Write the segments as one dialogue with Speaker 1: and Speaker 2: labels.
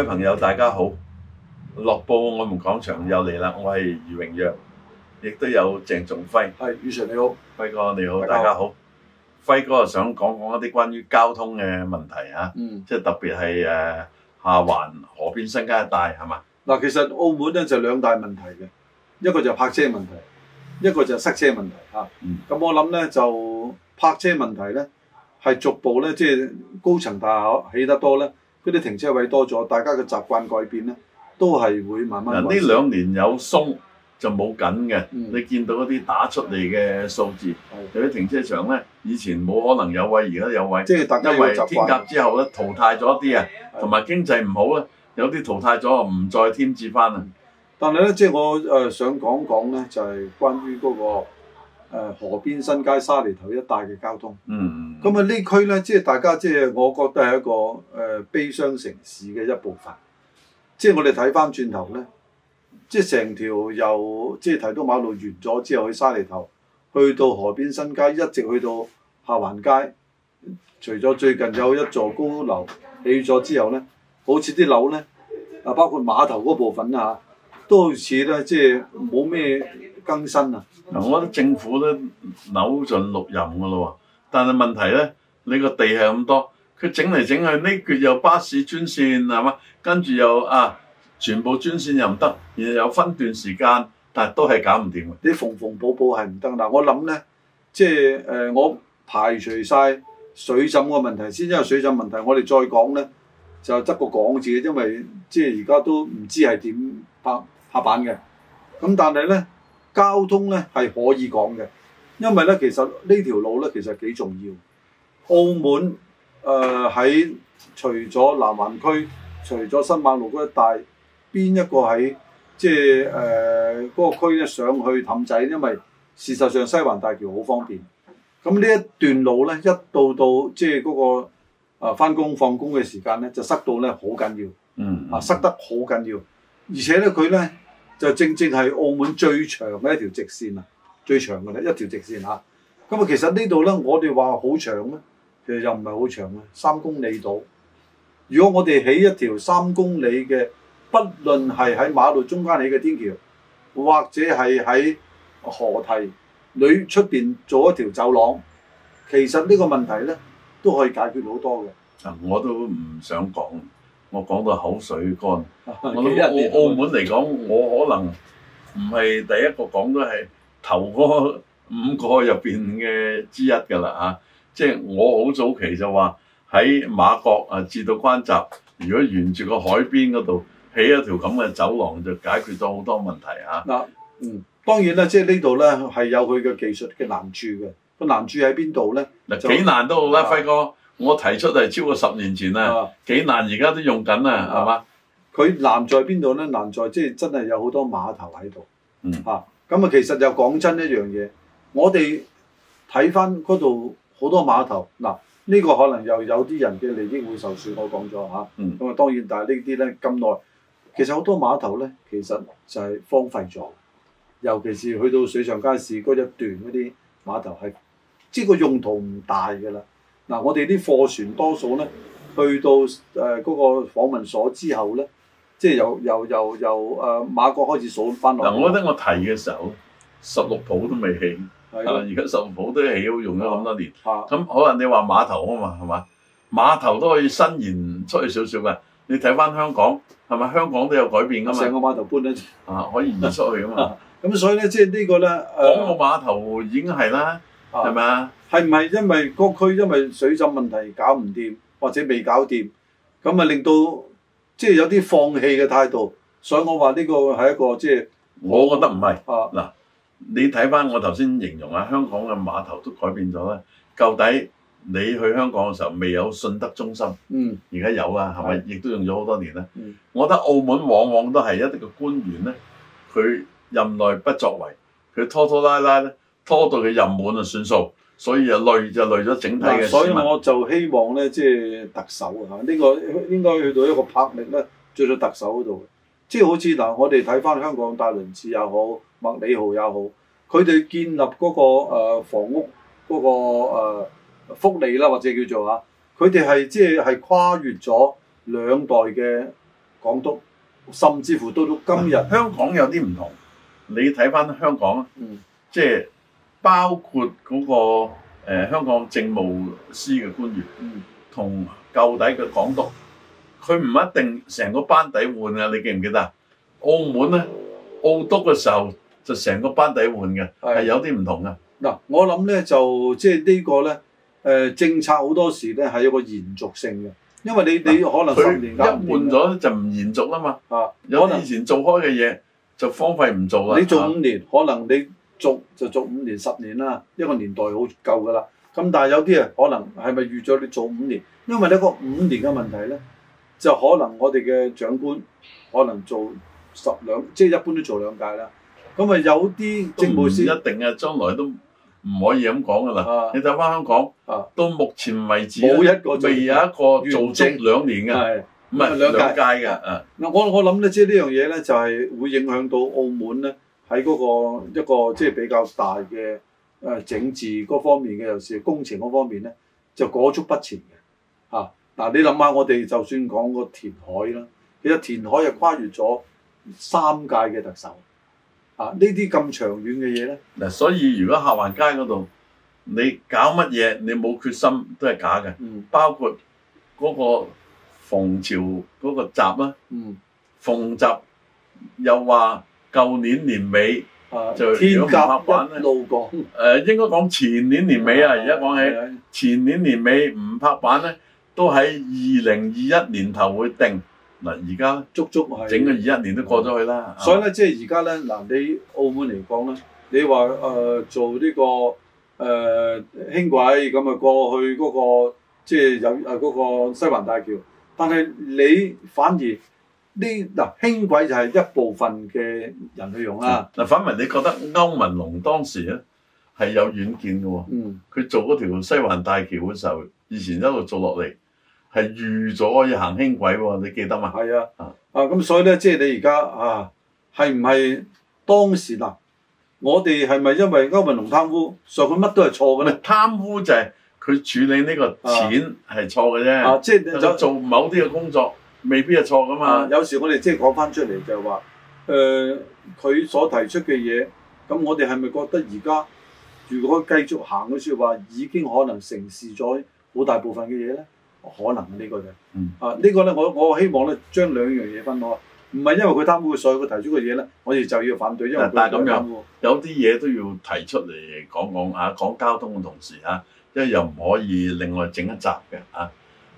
Speaker 1: 各位朋友，大家好！《樂報我們講場》又嚟啦，我係余榮約，亦都有鄭仲輝。係，余 Sir，你好，輝哥你好，大家好。輝哥啊，想講講一啲關於交通嘅
Speaker 2: 問題即、嗯、特別係下環河邊新街一帶係嘛？嗱，其實澳門咧就兩大問題嘅，一個就泊車問題，一個就塞車問題啊。咁、嗯、我諗咧就泊車問題咧係逐步咧，即、就、係、是、高層大廈起得多咧。嗰啲停車位多咗，大家嘅習慣改變呢，都係會慢慢的。呢兩年有鬆就冇緊嘅，嗯、你見到一啲打出嚟
Speaker 1: 嘅數字，有啲的停車場呢，以前冇可能有位，而家有位，即係大家因為天價之後呢，淘汰咗啲啊，同埋經濟唔好呢，有啲淘汰咗唔再添置
Speaker 2: 翻啦。但係呢，即係我誒、呃、想講講呢，就係、是、關於嗰、那個、呃、河邊新街沙梨頭一帶嘅交通。嗯。咁啊，呢區咧，即係大家即係我覺得係一個誒悲傷城市嘅一部分。即係我哋睇翻轉頭咧，即係成條由即係提到馬路完咗之後，去沙梨頭，去到河邊新街，一直去到下環街。除咗最近有一座高樓起咗之後咧，好似啲樓咧，啊包括碼頭嗰部分啊，都好似咧即係冇咩更新啊。嗱，我覺得政府
Speaker 1: 都扭盡六任噶咯喎。但係問題咧，你個地係咁多，佢整嚟整去，呢橛又巴士專線係嘛，跟住又啊，全部專
Speaker 2: 線又唔得，然後有分段時間，但係都係搞唔掂，啲縫縫補補係唔得。嗱，我諗咧，即係誒，我排除晒水浸嘅問題先，先因為水浸問題我，我哋再講咧就執個講字，因為即係而家都唔知係點拍板嘅。咁但係咧，交通咧係可以講嘅。因為咧，其實這條呢條路咧，其實幾重要。澳門誒喺除咗南灣區，除咗新馬路嗰一帶，邊一個喺即係誒嗰個區咧上去氹仔？因為事實上西灣大橋好方便。咁呢一段路咧，一到到即係嗰、那個誒返工放工嘅時間咧，就塞到咧好緊要。嗯，嗯。啊，塞得好緊要，而且咧佢咧就正正係澳門最長嘅一條直線啊！最長嘅咧一條直線嚇，咁啊其實呢度咧，我哋話好長咧，其實又唔係好長嘅，三公里度。如果我哋起一條三公里嘅，不論係喺馬路中間起嘅天橋，或者係喺河堤裏出邊做一條走廊，其實呢個問題咧都可以解決好多嘅。啊，我都唔想講，我講到口水乾。我澳 澳
Speaker 1: 門嚟講，我可能唔係第一個講都係。頭嗰五個入邊嘅之一㗎啦嚇，即係我好早期就話喺媽閣啊，至到關閘，如果沿住個海邊嗰度起一條咁嘅走
Speaker 2: 廊，就解決咗好多問題嚇。嗱、啊，嗯，當然啦，即係呢度咧係有佢嘅技術嘅難處嘅。個難處喺邊度咧？嗱，幾難
Speaker 1: 都好啦，係嘛？輝哥，我提出係超
Speaker 2: 過十年前啦，幾係嘛？難而家都用緊啊。係嘛？佢難在邊度咧？難在即係真係有好多碼頭喺度。嗯。嚇！咁啊，其實又講真一樣嘢，我哋睇翻嗰度好多碼頭，嗱、這、呢個可能又有啲人嘅利益會受損。我講咗吓，咁啊、嗯、當然，但係呢啲咧咁耐，其實好多碼頭咧，其實就係荒廢咗，尤其是去到水上街市嗰一段嗰啲碼頭係，即係個用途唔大㗎啦。嗱，我哋啲貨船多數咧去到嗰個訪問所之後咧。即係由由由由誒、呃、馬國開始數翻落。嗱，我覺得我提嘅時候，十六浦都未起。啊的，
Speaker 1: 而家十六浦都起好用咗咁多年。咁可的能你話碼頭啊嘛，係嘛？碼頭都可以伸延出去少少㗎。你睇翻香港係咪？香港都有改變㗎嘛。成個
Speaker 2: 碼頭搬得，啊， 可以移出去㗎嘛。咁 所以咧，即係呢個呢，講個碼頭已經係啦，係咪啊？係唔係吧因為各區因為水浸問題搞唔掂，或者未搞掂，咁啊令到？即係有啲放棄嘅態度，所以我話呢個係一個即係，我覺得唔係啊。嗱，你睇翻我頭先形容
Speaker 1: 啊，香港嘅碼頭都改變咗呢，舊底你去香港嘅時候未有信德中心，嗯，而家有呀，係咪的？亦都用咗好多年呢，我覺得澳門往往都係一啲嘅官員咧，佢任內不作為，佢拖拖拉拉咧，拖到佢任滿就算數。所以就累就累咗整體嘅、嗯。所以我
Speaker 2: 就希望咧，即係特首啊，呢個應該去到一個魄力咧，最到特首嗰度。即係好似嗱，我哋睇翻香港戴麟趾又好，麥理浩又好，佢哋建立嗰個房屋嗰個福利啦，或者叫做啊，佢哋係即係係跨越咗兩代嘅港督，甚至乎到到今日、嗯，香港有啲唔同。你睇翻香港啊，即係、嗯。就是
Speaker 1: 包括嗰、那個、呃、香港政務司嘅官員，同舊底嘅港督，佢唔一定成個班底換啊！你記唔記得？
Speaker 2: 澳門咧，澳督嘅時候就成個班底換嘅，係的有啲唔同嘅。嗱、啊，我諗咧就即係、就是、呢個咧，誒、呃、政策好多時咧係有個延續性嘅，因為你、啊、你可能十年間一換咗就唔延續啊嘛。啊，有以前做開嘅嘢就荒廢唔做啦。你做五年，啊、可能你。做就做五年十年啦，一個年代好夠噶啦。咁但係有啲啊，可能係咪預咗你做五年？因為呢個五年嘅問題咧，就可能我哋嘅長官可能做十兩，即係一般都做兩屆啦。咁啊有啲政務司一定嘅將來都唔
Speaker 1: 可以咁講噶啦。啊、你睇翻香港，啊、到目前為止，沒有一個未有一個做足兩年嘅，唔係兩屆嘅。嗱
Speaker 2: 我我諗咧，即係呢樣嘢咧，就係、是、會影響到澳門咧。喺嗰個一個即係比較大嘅誒整治嗰方面嘅，又是工程嗰方面咧，就裹足不前嘅嚇。嗱、啊，你諗下，我哋就算講個填海啦，其實填海係跨越咗三屆嘅特首嚇。呢啲咁長遠嘅嘢咧，嗱，所以如果下環
Speaker 1: 街嗰度你搞乜嘢，你冇決心都係假嘅。嗯，包括嗰個防潮嗰個閘啊，嗯，防閘又話。舊年年尾、啊、就天甲 如果
Speaker 2: 唔拍板
Speaker 1: 咧，誒、嗯、應該講前年年尾啊，而家講起的前年年尾唔拍板咧，都喺二零二一年頭會定嗱，而家足足係整個二一年都過咗去
Speaker 2: 啦。所以咧，即係而家咧，嗱、呃、你澳門嚟講咧，你話誒、呃、做呢、這個誒輕軌咁啊，過去嗰、那個即係有誒嗰、那個西灣大橋，但係你反而。啲嗱輕軌就係一部分嘅人去用啦、
Speaker 1: 啊。嗱、嗯，反而你覺得歐文龍當時咧係有遠見嘅喎？嗯，佢做嗰條西環大橋嘅時候，以前一路做落嚟
Speaker 2: 係預咗要行輕軌喎，你記得嘛？係啊。啊，咁所以咧，即係你而家啊，係唔係當時嗱，我哋係咪因為歐文龍貪污，所以佢乜都係錯嘅咧？貪污就係佢處理呢個錢係錯嘅啫，即係你做某啲嘅工作。嗯未必係錯㗎嘛、嗯，有時我哋即係講返出嚟就係話，誒、呃、佢所提出嘅嘢，咁我哋係咪覺得而家如果繼續行嘅説話，已經可能成事咗好大部分嘅嘢咧？可能呢個就是，嗯、啊、這個、呢個咧，我我希望咧，將兩樣嘢分開，唔係因為佢貪污，所以佢提出嘅嘢咧，我哋就要反對，因為佢貪污。擔控 有啲嘢都要提出嚟講
Speaker 1: 講嚇、啊，講交通嘅同時嚇、啊，因為又唔可以另外整一集嘅嚇。啊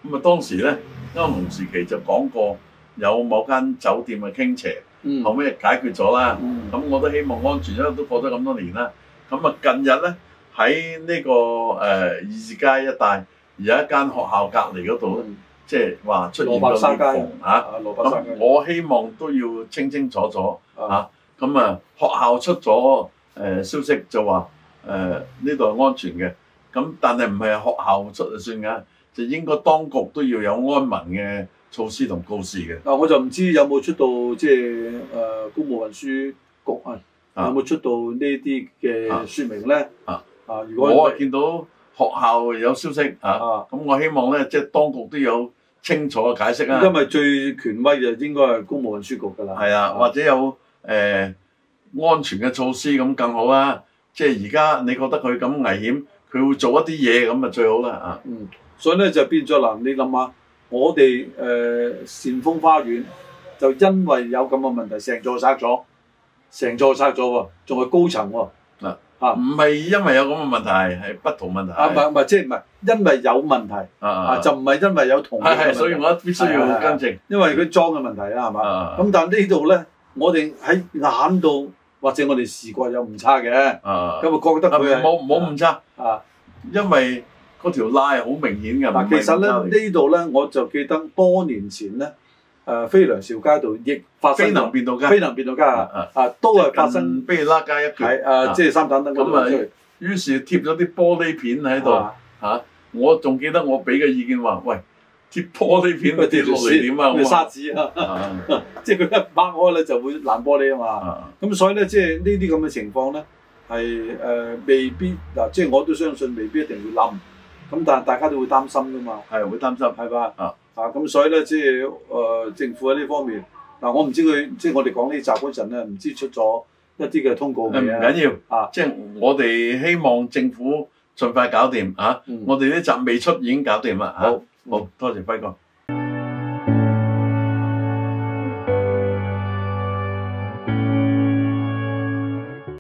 Speaker 1: 咁啊當時咧，啱紅時期就講過有某間酒店嘅傾斜，後尾、嗯、解決咗啦。咁、嗯、我都希望安全，因為都過咗咁多年啦。咁啊近日咧喺呢、這個誒、呃、二街一帶，有一間學校隔離嗰度即係話出現咗啲紅吓，我希望都要清清楚楚吓。咁啊，啊學校出咗、呃、消息就話誒呢度係安全嘅。咁但係唔係學校出就算㗎。就應該當局都要有安民嘅措施同告示嘅。
Speaker 2: 啊，我就唔知有冇出到即係誒公務運輸局啊，啊有冇出到這些的說明呢啲嘅
Speaker 1: 說明咧？啊，啊，如果我啊我見到學校有消息啊，咁、啊、我希望咧，即、就、係、是、當局都有清楚嘅解釋啊。因為最權威就應該係公務運輸局噶啦。係啊，啊或者有誒、呃、安全嘅措施咁更好啦、啊。即係而家你覺得
Speaker 2: 佢咁危險，佢會做一啲嘢咁啊，最好啦啊。嗯。所以咧就變咗啦，你諗下，我哋誒、呃、善豐花園就因為有咁嘅問題，成座拆咗，成座拆咗喎，仲係高層喎。嗱嚇、啊，唔係、啊、因為有咁嘅問題係不同問題。啊唔唔，即係唔係因為有問題啊，啊就唔係因為有同問題。係、啊、所以我必須要更正、哎係係。因為佢裝嘅問題啦，係嘛？咁但呢度咧，我哋喺眼度或者我哋視覺有唔差嘅。啊，咁啊覺得冇冇唔差啊，差啊因為。嗰條拉係好明顯嘅。嗱，其實咧呢度咧，我就記得多年前咧，飛良韶街度亦發生飛能便度街，飛能便度街啊，啊都係發生非拉街一條，係即係三盞燈咁啊，啊。於
Speaker 1: 是貼咗啲玻璃片喺度嚇，我仲記得我俾嘅意見話：喂，貼玻璃片咪跌落嚟點啊？咪沙紙啊！
Speaker 2: 即係佢一掹開咧就會爛玻璃啊嘛。咁、啊啊、所以咧，即係呢啲咁嘅情況咧，係誒、呃、未必嗱，即係我都相信未必一定要冧。咁但係大家都會擔心噶嘛，係會擔心係嘛，吧啊啊咁所以咧，即係、呃、政府喺呢方面，嗱、啊、我唔知佢，即係我哋講呢集嗰陣咧，唔知出咗一啲嘅通告未啊？唔緊要，係啊，即係我哋希望
Speaker 1: 政府盡快搞掂、嗯啊、我哋呢集未出已經搞掂啦、嗯啊、好，好多謝輝哥。